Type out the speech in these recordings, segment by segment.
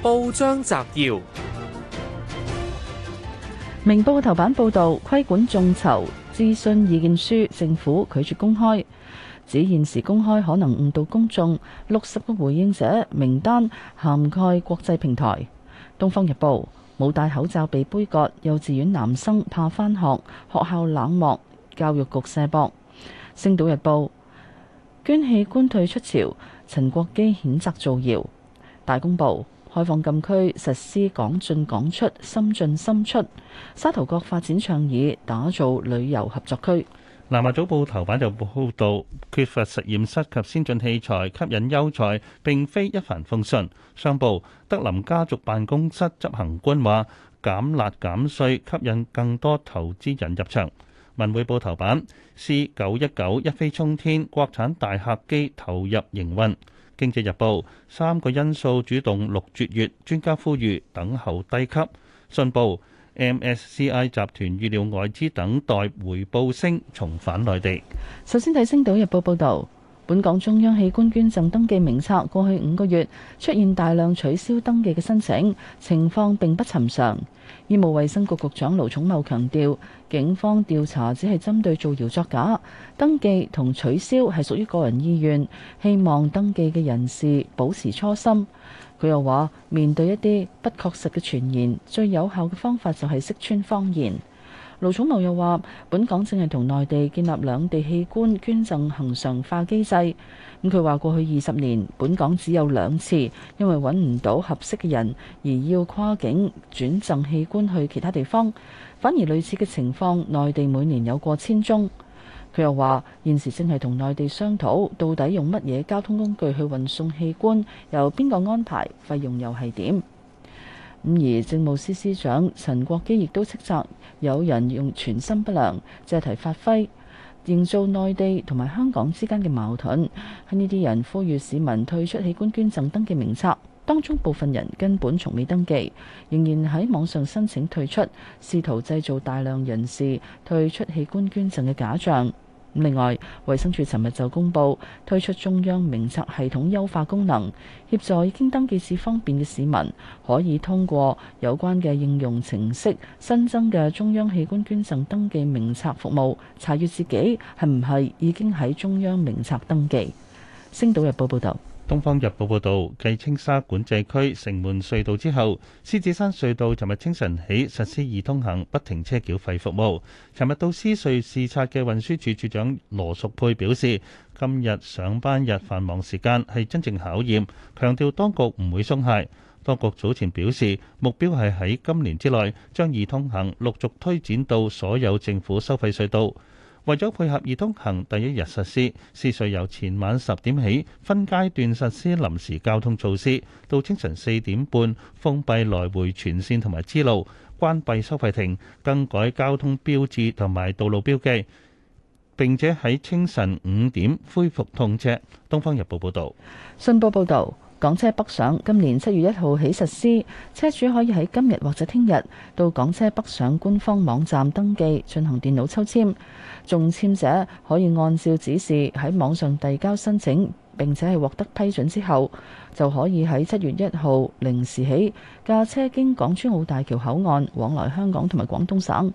報章摘要：明報頭版報道規管眾籌諮詢意見書，政府拒絕公開，指現時公開可能誤導公眾。六十個回應者名單涵蓋國際平台。東方日報冇戴口罩被杯葛，幼稚園男生怕返學，學校冷漠。教育局卸膊。星島日報捐器官退出潮，陳國基譴責造謠。大公報。開放禁區，實施港進港出、深進深出；沙頭角發展倡議，打造旅遊合作區。南華早報頭版就報導，缺乏實驗室及先進器材吸引優才，並非一帆風順。商報德林家族辦公室執行官話：減辣減稅，吸引更多投資人入場。文匯報頭版：C919 一飛沖天，國產大客機投入營運。《經濟日報》三個因素主動六絕月，專家呼籲等候低級。《信報》MSCI 集團預料外資等待回報升，重返內地。首先睇《星島日報》報導。本港中央器官捐贈登記名冊過去五個月出現大量取消登記嘅申請，情況並不尋常。醫務衛生局局長盧寵茂強調，警方調查只係針對造謠作假，登記同取消係屬於個人意願，希望登記嘅人士保持初心。佢又話，面對一啲不確實嘅傳言，最有效嘅方法就係識穿謊言。盧寵茂又話：本港正係同內地建立兩地器官捐贈恒常化機制。咁佢話過去二十年，本港只有兩次因為揾唔到合適嘅人而要跨境轉贈器官去其他地方，反而類似嘅情況內地每年有過千宗。佢又話現時正係同內地商討到底用乜嘢交通工具去運送器官，由邊個安排，費用又係點。而政務司司長陳國基亦都斥責有人用存心不良借題發揮營造內地同埋香港之間嘅矛盾。喺呢啲人呼籲市民退出器官捐贈登記名冊，當中部分人根本從未登記，仍然喺網上申請退出，試圖製造大量人士退出器官捐贈嘅假象。另外，衛生署尋日就公布推出中央名冊系統優化功能，協助已經登記至方便嘅市民，可以通過有關嘅應用程式新增嘅中央器官捐贈登記名冊服務，查閱自己係唔係已經喺中央名冊登記。星島日報報道。《東方日報》報導，繼青沙管制區、城門隧道之後，獅子山隧道尋日清晨起實施易通行、不停車繳費服務。尋日到獅隧視察嘅運輸署署長羅淑佩表示，今日上班日繁忙時間係真正考驗，強調當局唔會鬆懈。當局早前表示，目標係喺今年之內將易通行陸續推展到所有政府收費隧道。為咗配合二通行第一日實施，市隧由前晚十點起分階段實施臨時交通措施，到清晨四點半封閉來回全線同埋支路，關閉收費亭，更改交通標誌同埋道路標記，並且喺清晨五點恢復通車。東方日報報道。信報報道，港車北上今年七月一號起實施，車主可以喺今日或者聽日到港車北上官方網站登記進行電腦抽籤，中籤者可以按照指示喺網上遞交申請，並且係獲得批准之後，就可以喺七月一號零時起駕車經港珠澳大橋口岸往來香港同埋廣東省。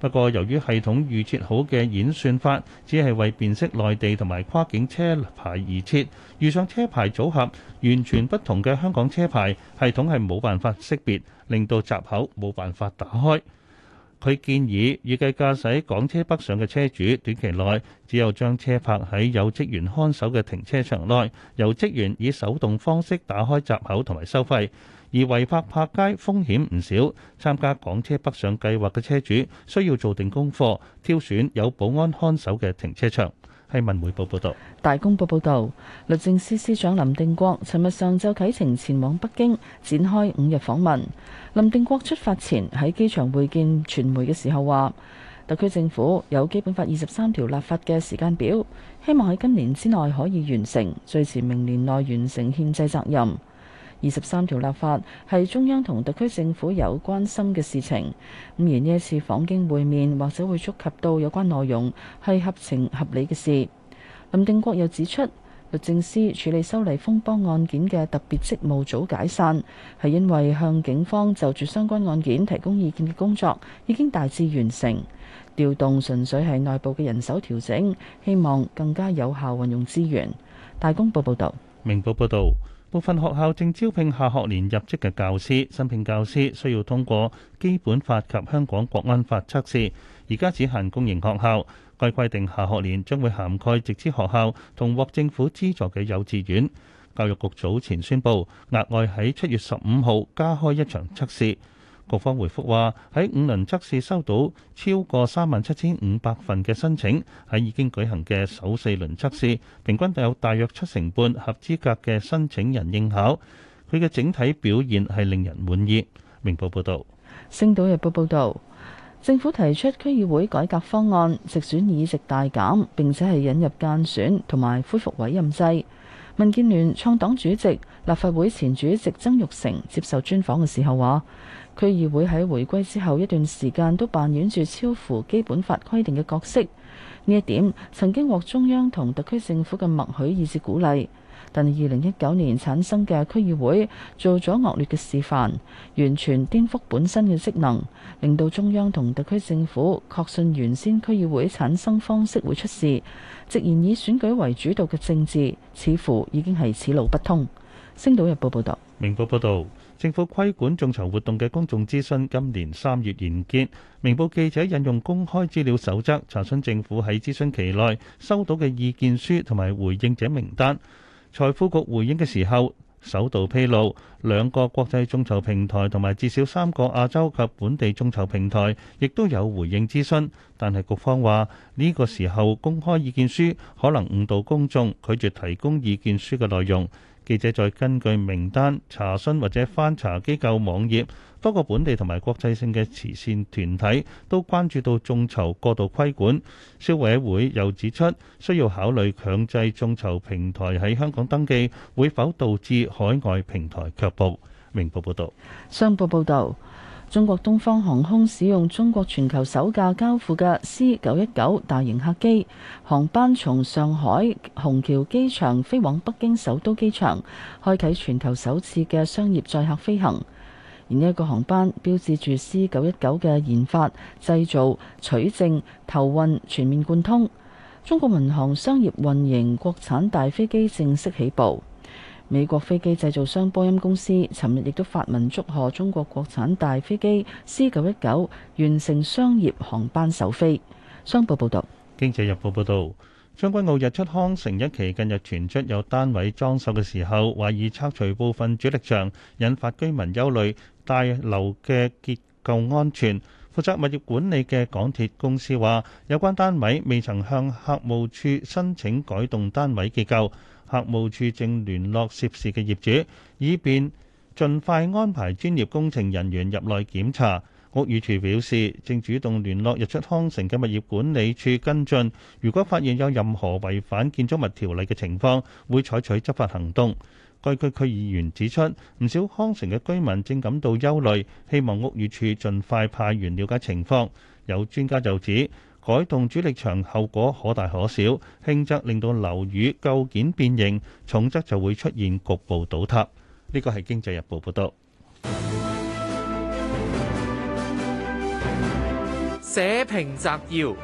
不過，由於系統預設好嘅演算法，只係為辨識內地同埋跨境車牌而設，遇上車牌組合完全不同嘅香港車牌，系統係冇辦法識別，令到閘口冇辦法打開。佢建議預計駕駛港車北上嘅車主，短期內只有將車泊喺有職員看守嘅停車場內，由職員以手動方式打開閘口同埋收費。而違法泊街風險唔少，參加港車北上計劃嘅車主需要做定功課，挑選有保安看守嘅停車場。係文匯報報道，大公報報道，律政司司長林定國尋日上晝啟程前往北京展開五日訪問。林定國出發前喺機場會見傳媒嘅時候話，特區政府有基本法二十三條立法嘅時間表，希望喺今年之內可以完成，最遲明年內完成憲制責任。二十三條立法係中央同特區政府有關心嘅事情，咁而呢一次訪京會面或者會觸及到有關內容，係合情合理嘅事。林定國又指出，律政司處理修例風波案件嘅特別職務組解散，係因為向警方就住相關案件提供意見嘅工作已經大致完成，調動純粹係內部嘅人手調整，希望更加有效運用資源。大公報報道。明報報道。部分學校正招聘下學年入職嘅教師，新聘教師需要通過基本法及香港國安法測試。而家只限公營學校，該規定下學年將會涵蓋直資學校同獲政府資助嘅幼稚園。教育局早前宣布，額外喺七月十五號加開一場測試。局方回覆話：喺五輪測試收到超過三萬七千五百份嘅申請，喺已經舉行嘅首四輪測試，平均都有大約七成半合資格嘅申請人應考，佢嘅整體表現係令人滿意。明報報道。星島日報報道。政府提出區議會改革方案，直選議席大減，並且係引入間選同埋恢復委任制。民建聯創黨主席、立法會前主席曾玉成接受專訪嘅時候話，區議會喺回歸之後一段時間都扮演住超乎基本法規定嘅角色，呢一點曾經獲中央同特區政府嘅默許以至鼓勵。但係，二零一九年產生嘅區議會做咗惡劣嘅示範，完全顛覆本身嘅職能，令到中央同特區政府確信原先區議會產生方式會出事。直言以選舉為主導嘅政治，似乎已經係此路不通。《星島日報》報道，《明報》報道，政府規管眾籌活動嘅公眾諮詢今年三月完結。明報記者引用公開資料守則查詢政府喺諮詢期內收到嘅意見書同埋回應者名單。財庫局回應嘅時候，首度披露兩個國際眾籌平台同埋至少三個亞洲及本地眾籌平台，亦都有回應諮詢。但係局方話呢個時候公開意見書可能誤導公眾，拒絕提供意見書嘅內容。記者再根據名單查詢或者翻查機構網頁，多個本地同埋國際性嘅慈善團體都關注到眾籌過度規管。消委會又指出，需要考慮強制眾籌平台喺香港登記，會否導致海外平台卻步。明報報道。商報報導。中國東方航空使用中國全球首架交付嘅 C 九一九大型客機，航班從上海虹橋機場飛往北京首都機場，開啟全球首次嘅商業載客飛行。而呢一個航班，標誌住 C 九一九嘅研發、製造、取證、投運全面貫通。中國民航商業運營國產大飛機正式起步。美國飛機製造商波音公司尋日亦都發文祝賀中國國產大飛機 C919 完成商業航班首飛。商報報導，《經濟日報》報導，將軍澳日出康城一期近日傳出有單位裝修嘅時候，懷疑拆除部分主力牆，引發居民憂慮大樓嘅結構安全。負責物業管理嘅港鐵公司話，有關單位未曾向客務處申請改動單位結構。客務處正聯絡涉事嘅業主，以便盡快安排專業工程人員入內檢查。屋宇署表示，正主動聯絡日出康城嘅物業管理處跟進，如果發現有任何違反建築物條例嘅情況，會採取執法行動。該區區議員指出，唔少康城嘅居民正感到憂慮，希望屋宇署盡快派員了解情況。有專家就指：改動主力牆後果可大可小，輕則令到樓宇構件變形，重則就會出現局部倒塌。呢個係《經濟日報》報道。社評摘要，《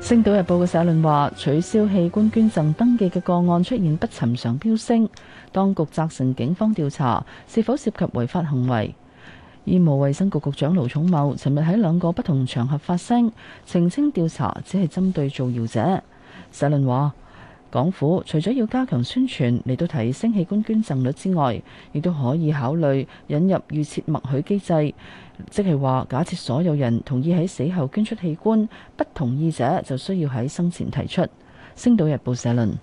星島日報》嘅社論話：取消器官捐贈登記嘅個案出現不尋常飆升，當局責成警方調查是否涉及違法行為。醫務衛生局局長盧寵茂尋日喺兩個不同場合發聲，澄清調查只係針對造謠者。社論話，港府除咗要加強宣傳嚟到提升器官捐贈率之外，亦都可以考慮引入預設默許機制，即係話假設所有人同意喺死後捐出器官，不同意者就需要喺生前提出。星島日報社論，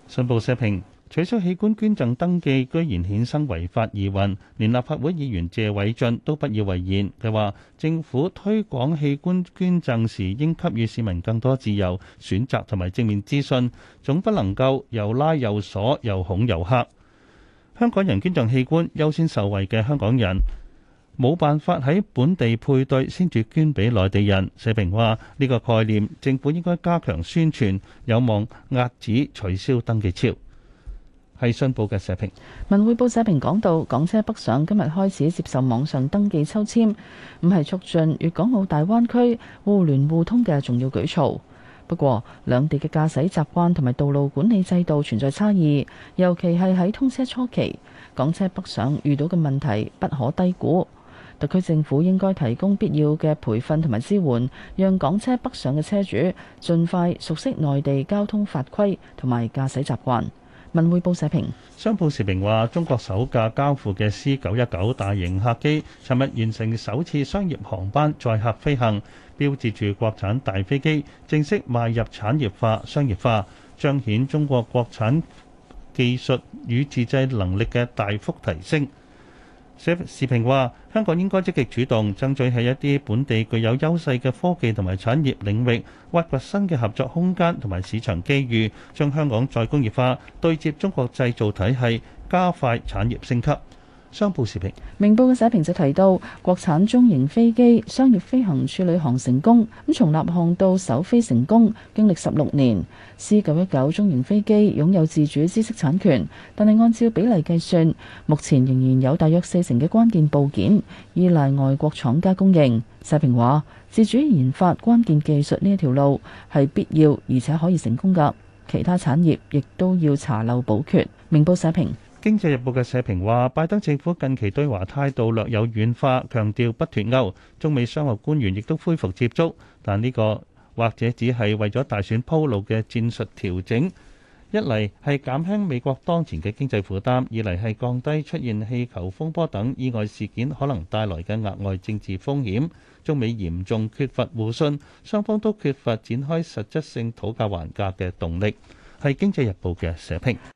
取消器官捐贈登記居然衍生違法疑雲，連立法會議員謝偉俊都不以為然。佢話政府推廣器官捐贈時，應給予市民更多自由選擇同埋正面資訊，總不能夠又拉又鎖又恐又嚇。香港人捐贈器官優先受惠嘅香港人，冇辦法喺本地配對先至捐俾內地人。社評話呢個概念，政府應該加強宣傳，有望遏止取消登記潮。係《信報》嘅社評，《文匯報》社評講到，港車北上今日開始接受網上登記抽籤，唔係促進粵港澳大灣區互聯互通嘅重要舉措。不過，兩地嘅駕駛習慣同埋道路管理制度存在差異，尤其係喺通車初期，港車北上遇到嘅問題不可低估。特區政府應該提供必要嘅培訓同埋支援，讓港車北上嘅車主盡快熟悉內地交通法規同埋駕駛習慣。文匯報社評：商報時評話，中國首架交付嘅 C 九一九大型客機，尋日完成首次商業航班載客飛行，標誌住國產大飛機正式邁入產業化、商業化，彰顯中國國產技術與自制能力嘅大幅提升。社評話：香港應該積極主動，爭取喺一啲本地具有優勢嘅科技同埋產業領域，挖掘新嘅合作空間同埋市場機遇，將香港再工業化，對接中國製造體系，加快產業升級。商報視頻，明報嘅社評就提到，國產中型飛機商業飛行處女航成功，咁從立項到首飛成功經歷十六年。C919 中型飛機擁有自主知識產權，但係按照比例計算，目前仍然有大約四成嘅關鍵部件依賴外國廠家供應。社評話，自主研發關鍵技術呢一條路係必要而且可以成功㗎，其他產業亦都要查漏補缺。明報社評。《經濟日報》嘅社評話：拜登政府近期對華態度略有軟化，強調不脫鈎，中美商務官員亦都恢復接觸。但呢個或者只係為咗大選鋪路嘅戰術調整。一嚟係減輕美國當前嘅經濟負擔，二嚟係降低出現氣球風波等意外事件可能帶來嘅額外政治風險。中美嚴重缺乏互信，雙方都缺乏展開實質性討價還價嘅動力。係《經濟日報》嘅社評。